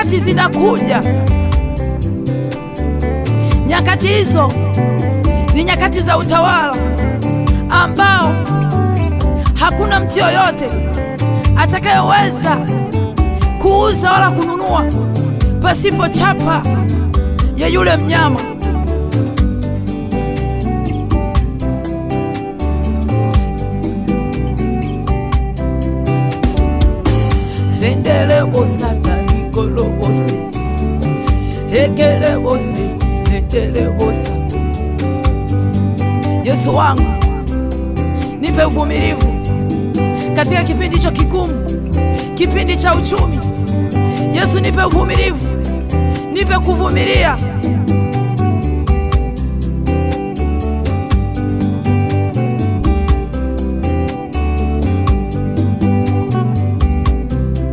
nyakati zinakuja, nyakati hizo ni nyakati za utawala ambao hakuna mtu yoyote atakayeweza kuuza wala kununua pasipo chapa ya yule mnyama. Vendele osata bosi ekelebosi etelebosa Yesu wangu, nipe uvumilivu katika kipindi cho kigumu, kipindi cha uchumi. Yesu, nipe uvumilivu, nipe kuvumilia.